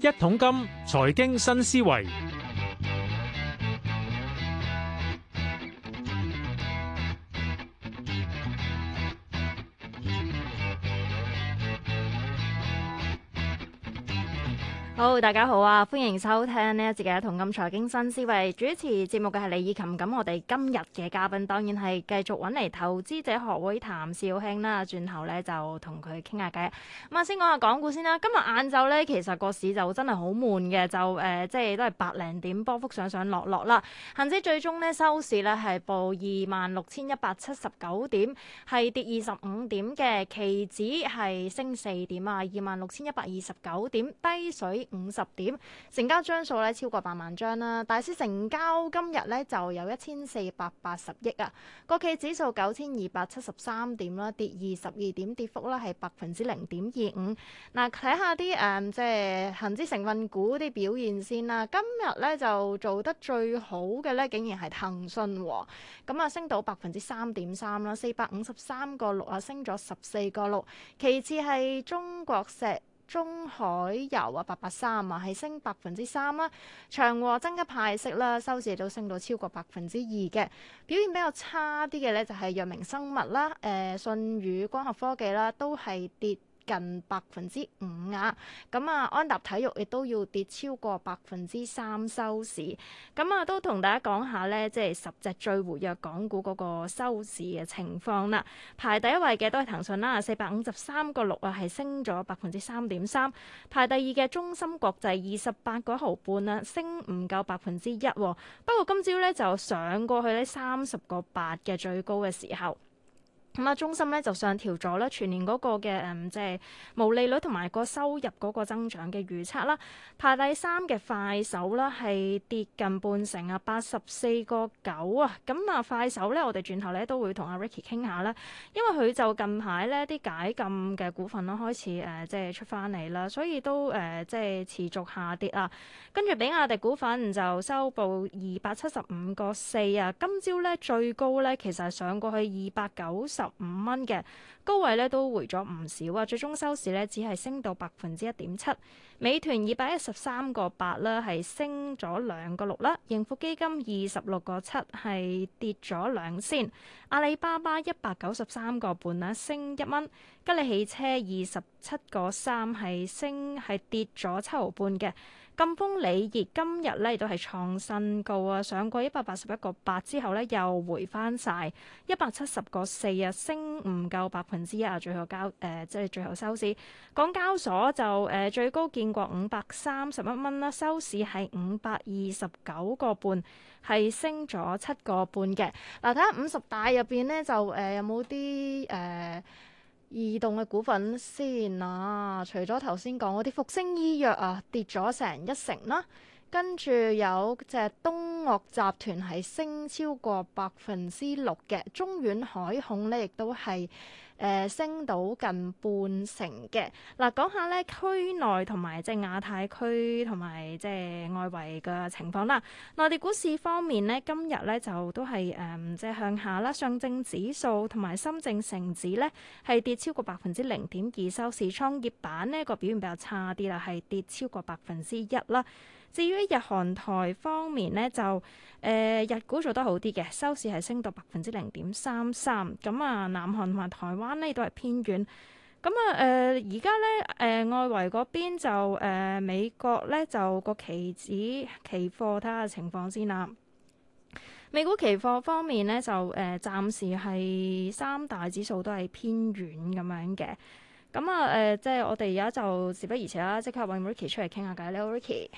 一桶金，財經新思維。大家好啊，歡迎收聽呢一節嘅《同金財經新思維》，主持節目嘅係李以琴，咁我哋今日嘅嘉賓當然係繼續揾嚟投資者學會譚紹興啦，轉頭咧就同佢傾下偈。咁啊，先講下港股先啦。今日晏晝咧，其實個市就真係好悶嘅，就誒、呃、即係都係百零點波幅上上落落啦。恒指最終呢，收市呢係報二萬六千一百七十九點，係跌二十五點嘅，期指係升四點啊，二萬六千一百二十九點，低水五。十點成交張數咧超過百萬張啦。大市成交今日咧就有一千四百八十億啊。國企指數九千二百七十三點啦，跌二十二點，跌幅咧係百分之零點二五。嗱，睇下啲誒即係恆指成分股啲表現先啦。今日咧就做得最好嘅咧，竟然係騰訊喎、哦，咁啊升到百分之三點三啦，四百五十三個六啊，升咗十四個六。其次係中國石中海油啊，八八三啊，係升百分之三啦，長和增加派息啦，收市亦都升到超過百分之二嘅。表現比較差啲嘅咧，就係藥明生物啦，誒、呃、舜宇光學科技啦，都係跌。近百分之五啊！咁啊，安踏體育亦都要跌超過百分之三收市。咁啊，都同大家講下咧，即係十隻最活躍港股嗰個收市嘅情況啦。排第一位嘅都係騰訊啦，四百五十三個六啊，係升咗百分之三點三。排第二嘅中芯國際二十八個毫半啊，升唔夠百分之一。不過今朝咧就上過去呢三十個八嘅最高嘅時候。咁啊，中心咧就上調咗啦，全年嗰個嘅誒，即、嗯、係、就是、毛利率同埋個收入嗰個增長嘅預測啦。排第三嘅快手啦，係跌近半成啊，八十四個九啊。咁啊，快手咧，我哋轉頭咧都會同阿 Ricky 傾下啦，因為佢就近排咧啲解禁嘅股份咧開始誒、呃、即係出翻嚟啦，所以都誒、呃、即係持續下跌啊。跟住，比亞迪股份就收報二百七十五個四啊。今朝咧最高咧，其實上過去二百九十。五蚊嘅高位咧都回咗唔少啊，最終收市咧只係升到百分之一點七。美團二百一十三個八啦，係升咗兩個六啦。盈富基金二十六個七係跌咗兩仙。阿里巴巴一百九十三個半啦，升一蚊。吉利汽車二十七個三係升係跌咗七毫半嘅。金峰理業今日咧亦都係創新高啊，上過一百八十一個八之後咧又回翻晒一百七十個四，啊，升唔夠百分之一啊，最後交誒、呃、即係最後收市。港交所就誒、呃、最高見過五百三十一蚊啦，收市係五百二十九個半，係升咗七個半嘅。嗱，睇下五十大入邊咧就誒有冇啲誒？呃異動嘅股份先啊，除咗頭先講嗰啲復星醫藥啊，跌咗成一成啦。跟住有隻東岳集團係升超過百分之六嘅，中遠海控咧，亦都係誒、呃、升到近半成嘅。嗱、啊，講下咧，區內同埋即係亞太區同埋即係外圍嘅情況啦。內地股市方面咧，今日咧就都係誒即係向下啦。上證指數同埋深證成指咧係跌超過百分之零點二，收市創業板呢個表現比較差啲啦，係跌超過百分之一啦。至於日韓台方面咧，就誒、呃、日股做得好啲嘅，收市係升到百分之零點三三。咁啊，南韓同埋台灣咧都係偏軟咁啊。誒而家咧誒外圍嗰邊就誒、呃、美國咧就個期指期貨睇下情況先啦。美股期貨方面咧就誒、呃、暫時係三大指數都係偏軟咁樣嘅。咁啊誒、呃，即係我哋而家就事不宜遲啦，即刻揾 Ricky 出嚟傾下偈咧，Ricky。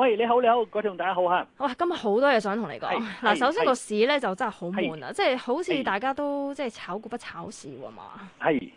喂，你好，你好，郭同大家好吓，哇，今日好多嘢想同你講。嗱，首先是個市咧就真係好悶啊，是即係好似大家都是即係炒股不炒市喎，嘛？係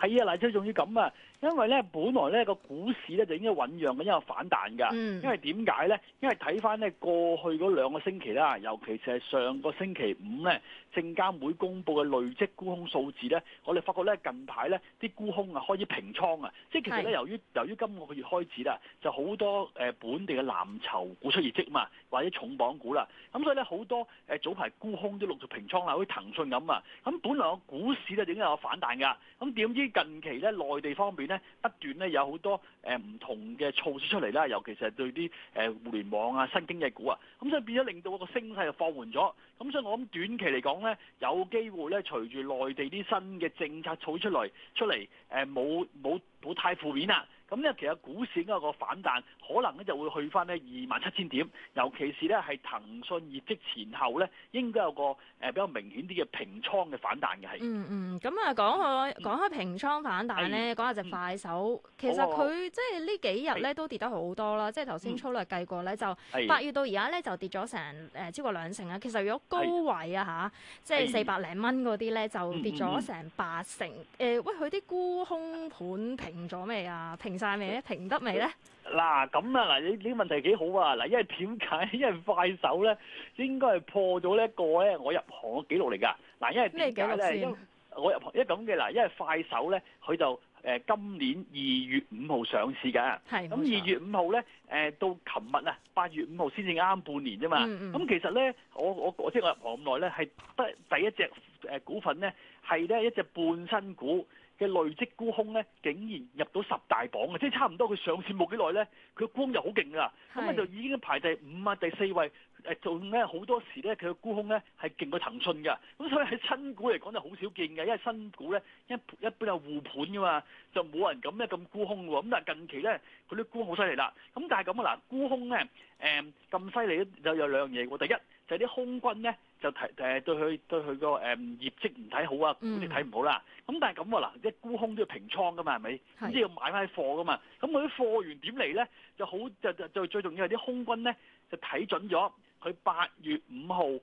係啊，嗱，最重要咁啊！因為咧，本來咧個股市咧就應該醞釀嘅，因為反彈㗎。因為點解咧？因為睇翻咧過去嗰兩個星期啦，尤其是係上個星期五咧，證監會公佈嘅累積沽空數字咧，我哋發覺咧近排咧啲沽空啊開始平倉啊，即係其實咧由於是由於今個月開始啦，就好多誒本地嘅藍籌股出業績啊嘛，或者重磅股啦，咁所以咧好多誒早排沽空都陸續平倉啊，好似騰訊咁啊。咁本來個股市咧已經有反彈㗎，咁點知近期咧內地方面不斷咧有好多誒唔同嘅措施出嚟啦，尤其是係對啲誒互聯網啊、新經濟股啊，咁所以變咗令到個升勢就放緩咗。咁所以我諗短期嚟講咧，有機會咧隨住內地啲新嘅政策措出嚟出嚟，誒冇冇冇太負面啦。咁咧其實股市應該個反彈，可能咧就會去翻呢二萬七千點，尤其是咧係騰訊業績前後咧，應該有個誒比較明顯啲嘅平倉嘅反彈嘅係。嗯嗯，咁啊講開講開平倉反彈咧、嗯嗯嗯，講下、嗯、隻快手，嗯、其實佢即係呢幾日咧都跌得好多啦，即係頭先粗略計過咧就八月到而家咧就跌咗成誒、呃、超過兩成啦。其實如果高位是、嗯、啊嚇，即係四百零蚊嗰啲咧就跌咗成八成。誒、嗯嗯嗯嗯、喂，佢啲沽空盤平咗未啊？平晒未咧？平得未咧？嗱咁啊，嗱你呢啲問題幾好啊？嗱，因為點解？因為快手咧，應該係破咗呢一個咧，我入行嘅記錄嚟㗎。嗱，因為點解咧？因為我入行，因為咁嘅嗱，因為快手咧，佢就誒今年二月五號上市㗎。係。咁二月五號咧，誒到琴日啊，八月五號先至啱半年啫嘛。嗯嗯。咁其實咧，我我即係我入行咁耐咧，係得第一隻誒股份咧，係咧一隻半新股。嘅累積沽空咧，竟然入到十大榜嘅。即係差唔多佢上市冇幾耐咧，佢沽空又好勁噶，啦是。咁啊就已經排第五啊第四位。誒仲咧好多時咧，佢嘅沽空咧係勁過騰訊㗎，咁所以喺新股嚟講就好少見嘅，因為新股咧一一般有護盤噶嘛，就冇人敢咧咁沽空喎。咁但係近期咧，佢啲沽空好犀利啦。咁但係咁啊嗱，沽空咧誒咁犀利就有兩樣嘢喎。第一就係、是、啲空軍咧就提誒、呃、對佢對佢個誒業績唔睇好啊，嗰啲睇唔好啦。咁、嗯、但係咁啊嗱，一沽空都要平倉噶嘛，係咪？咁都是要買翻啲貨噶嘛。咁佢啲貨源點嚟咧就好就就，就，就最重要係啲空軍咧就睇準咗。佢八月五號誒，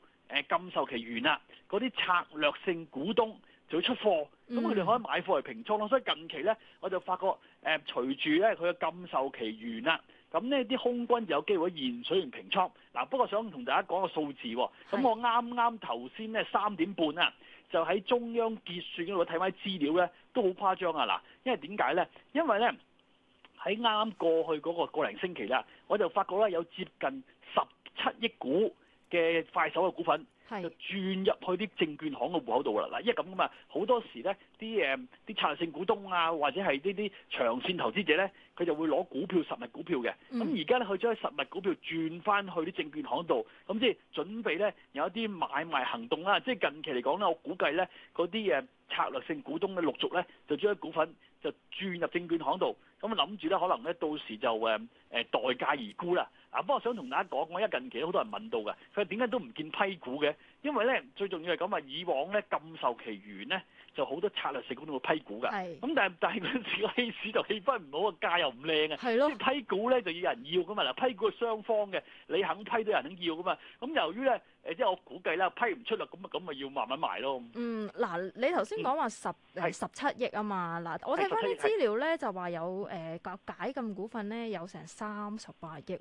禁售期完啦，嗰啲策略性股東就會出貨，咁佢哋可以買貨嚟平倉咯。所以近期咧，我就發覺誒、呃，隨住咧佢嘅禁售期完啦，咁呢啲空軍就有機會現水完平倉嗱、啊。不過想同大家講個數字喎，咁我啱啱頭先咧三點半啦、啊，就喺中央結算嗰度睇翻資料咧，都好誇張啊嗱，因為點解咧？因為咧喺啱啱過去嗰、嗰個零、嗰個、星期啦，我就發覺咧有接近十七億股嘅快手嘅股份是就轉入去啲證券行嘅戶口度啦。嗱，因為咁啊嘛，好多時呢啲誒啲策略性股東啊，或者係呢啲長線投資者呢，佢就會攞股票實物股票嘅。咁而家呢，佢將實物股票轉翻去啲證券行度，咁即係準備呢，有一啲買賣行動啦。即係近期嚟講呢，我估計呢嗰啲誒策略性股東呢陸續呢，就將啲股份就轉入證券行度，咁我諗住呢，可能呢到時就誒誒待價而沽啦。嗱，不過、啊、我想同大家講，我一近期好多人問到㗎，佢話點解都唔見批股嘅？因為咧最重要係咁啊，以往咧禁售其餘咧就好多策略性股都會批股㗎。咁是、嗯、但係但係嗰陣時個氣市就氣氛唔好，個價又唔靚啊。係咯的。即批股咧就要有人要㗎嘛，批股係雙方嘅，你肯批，都有人肯要㗎嘛。咁、嗯、由於咧。誒，即係我估計啦，批唔出啦，咁啊，咁咪，要慢慢賣咯。嗯，嗱，你頭先講話十十七億啊嘛，嗱是，我睇翻啲資料咧就話有誒、呃、解禁股份咧有成三十八億，即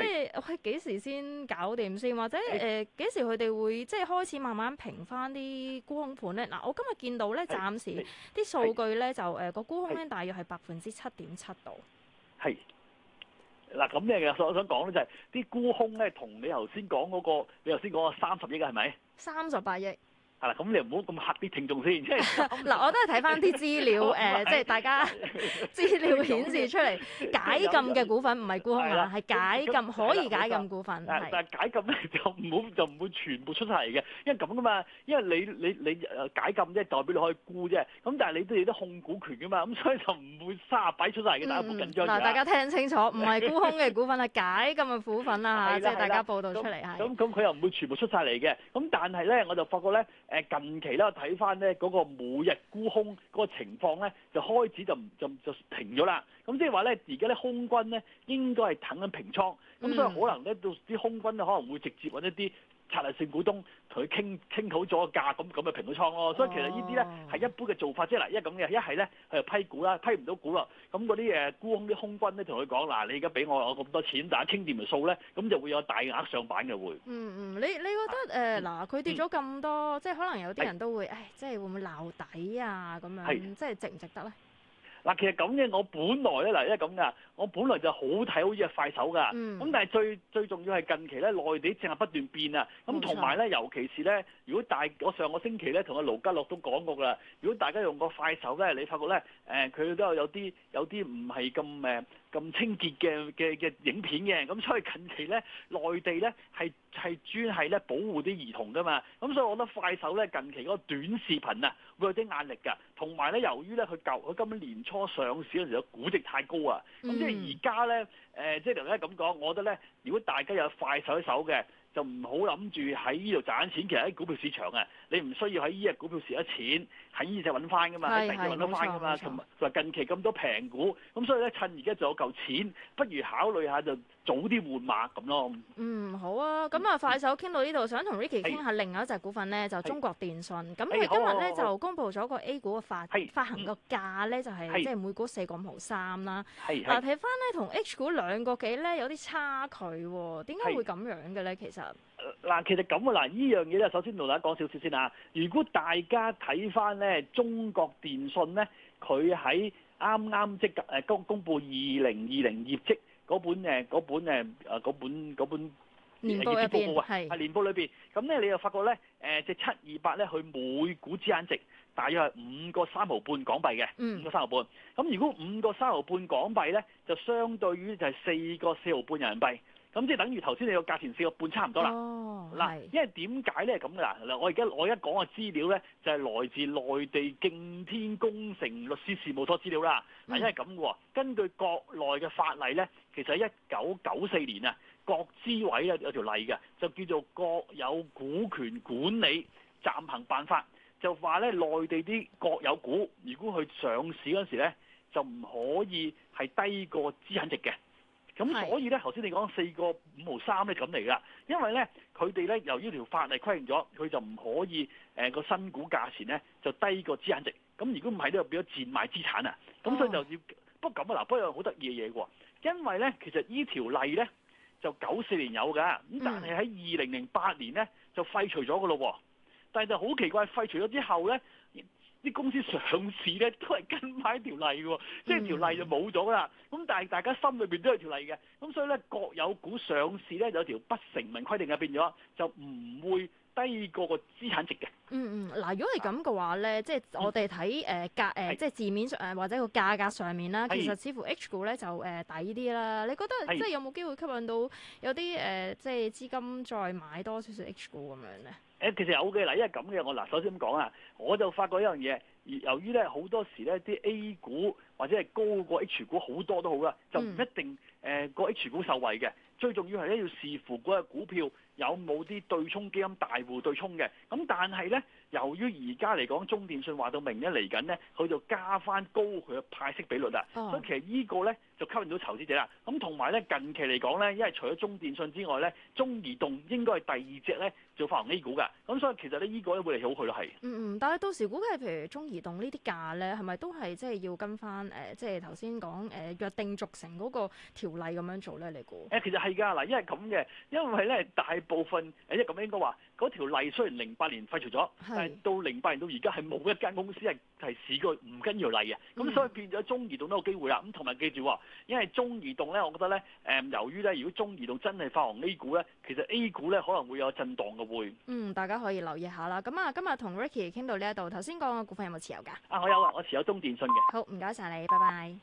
係係幾時先搞掂先，或者誒幾是、呃、時佢哋會即係開始慢慢平翻啲沽空盤咧？嗱，我今日見到咧，暫時啲數據咧就誒個沽空咧大約係百分之七點七度。係。嗱咁咧，其實我想講咧就係、是、啲沽空咧，同你頭先講嗰個，你頭先講個三十億嘅係咪？是是三十八億。嗱咁，你唔好咁嚇啲聽眾先。嗱，我都係睇翻啲資料，誒，即係大家資料顯示出嚟解禁嘅股份唔係沽空啊，係解禁可以解禁股份。但係解禁咧就唔好就唔會全部出曬嚟嘅，因為咁噶嘛，因為你你你誒解禁即係代表你可以沽啫。咁但係你都有啲控股權噶嘛，咁所以就唔會卅擺出曬嚟嘅，大家唔緊張。嗱，大家聽清楚，唔係沽空嘅股份係解禁嘅股份啦嚇，即係大家報道出嚟係。咁咁佢又唔會全部出曬嚟嘅，咁但係咧我就發覺咧。誒近期咧睇返咧嗰個每日沽空嗰個情況咧，就開始就就就,就停咗啦。咁即係話咧，而家啲空軍咧應該係等緊平倉，咁所以可能咧到啲空軍咧可能會直接搵一啲。拆例性股東同佢傾傾好咗個價，咁咁咪平到倉咯。所以其實呢啲咧係一般嘅做法啫。嗱，一咁嘅，一係咧佢就批股啦，批唔到股啦，咁嗰啲誒沽空啲空軍咧同佢講，嗱，你而家俾我有咁多錢，但係傾掂條數咧，咁就會有大額上板嘅會。嗯嗯，你你覺得誒嗱，佢跌咗咁多，即係可能有啲人都會，誒，即係會唔會鬧底啊？咁樣即係值唔值得咧？嗱，其實咁嘅，我本來咧，嗱，因為咁噶，我本來就好睇好似係快手噶。咁、嗯、但係最最重要係近期咧，內地正係不斷變啊，咁同埋咧，尤其是咧，如果大我上個星期咧，同阿盧家樂都講過啦，如果大家用過快手咧，你發覺咧，誒、呃，佢都有有啲有啲唔係咁誒。呃咁清潔嘅嘅嘅影片嘅，咁所以近期咧，內地咧係係專係咧保護啲兒童噶嘛，咁所以我覺得快手咧近期嗰個短視頻啊會有啲壓力㗎，同埋咧由於咧佢舊佢今年年初上市嗰陣時估值太高啊，咁即係而家咧誒即係頭先咁講，我覺得咧如果大家有快手手嘅。就唔好諗住喺呢度賺錢，其實喺股票市場啊，你唔需要喺呢隻股票蝕咗錢，喺呢隻揾翻噶嘛，係直接揾到翻噶嘛。同埋就係近期咁多平股，咁所以咧趁而家仲有夠錢，不如考慮下就。早啲換碼咁咯。嗯，好啊，咁啊，快手傾到呢度，想同 Ricky 傾下另外一隻股份咧，就中國電信。咁佢今日咧就公布咗個 A 股嘅發發行個價咧，就係即係每股四個五毫三啦。嗱，睇翻咧同 H 股兩個幾咧有啲差距，點解會咁樣嘅咧？其實嗱，其實咁啊，嗱，呢樣嘢咧，首先同大家講少少先啊。如果大家睇翻咧中國電信咧，佢喺啱啱即係誒公公布二零二零業績。嗰本誒嗰本誒啊嗰本嗰本年報啊，係年報裏邊咁咧，是你又發覺咧誒隻七二八咧，佢、呃、每股資產值大約係五個三毫半港幣嘅，五個三毫半。咁、嗯、如果五個三毫半港幣咧，就相對於就係四個四毫半人民幣，咁即係等於頭先你個價錢四個半差唔多啦。嗱、哦，因為點解咧咁嗱？嗱我而家我一講嘅資料咧，就係、是、來自內地敬天工程律師事務所資料啦。嗱、嗯，因為咁喎、啊，根據國內嘅法例咧。其實一九九四年啊，國資委有有條例嘅，就叫做《國有股權管理暫行辦法》就呢，就話咧內地啲國有股，如果佢上市嗰陣時咧，就唔可以係低過資產值嘅。咁所以咧，頭先的你講四個五毫三咧咁嚟㗎，因為咧佢哋咧由於條法例規定咗，佢就唔可以誒、呃、個新股價錢咧就低過資產值。咁如果唔係呢，就變咗賤賣資產啊。咁所以就要、是 oh. 不過咁啊嗱，不過有好得意嘅嘢喎。因為呢，其實呢條例呢，就九四年有㗎，咁但係喺二零零八年呢，就廢除咗㗎咯喎，但係就好奇怪，廢除咗之後呢，啲公司上市呢，都係跟翻條例嘅，即係條例就冇咗啦。咁但係大家心裏面都有條例嘅，咁所以呢，國有股上市呢，有條不成文規定嘅，變咗就唔會低過個資產值嘅、嗯。嗯嗯，嗱，如果係咁嘅話咧，即係、啊、我哋睇誒價誒，即、呃、係、呃、是字面上誒或者個價格上面啦，其實似乎 H 股咧就誒、呃、抵啲啦。你覺得是即係有冇機會吸引到有啲誒、呃、即係資金再買多少少 H 股咁樣咧？誒、呃，其實有嘅，嗱，因為咁嘅，我嗱首先講啊，我就發覺一樣嘢，由於咧好多時咧啲 A 股或者係高過 H 股好多都好啦，就唔一定誒個 H 股受惠嘅。呃呃呃呃最重要係咧，要視乎嗰個股票有冇啲對沖基金大戶對沖嘅，咁但係咧，由於而家嚟講，中電信話到明咧嚟緊咧，佢就加翻高佢嘅派息比率啊，咁、oh. 其實個呢個咧就吸引到投資者啦。咁同埋咧，近期嚟講咧，因為除咗中電信之外咧，中移動應該係第二隻咧。做發行 A 股嘅，咁所以其實呢依、呢個咧會嚟好去咯，係。嗯嗯，但係到時估計，譬如中移動呢啲價咧，係咪都係即係要跟翻誒、呃，即係頭先講誒約定俗成嗰個條例咁樣做咧？你估？誒，其實係㗎嗱，因為咁嘅，因為咧大部分誒即係咁應該話嗰條例雖然零八年廢除咗，係是但係到零八年到而家係冇一間公司係試過唔跟住條例嘅，咁、嗯、所以變咗中移動都有機會啦。咁同埋記住，因為中移動咧，我覺得咧誒、呃，由於咧，如果中移動真係發行 A 股咧，其實 A 股咧可能會有震盪。嗯，大家可以留意下啦。咁啊，今日同 Ricky 傾到呢一度，頭先講嘅股份有冇持有噶？啊，我有啊，我持有中電信嘅。好，唔該晒你，拜拜。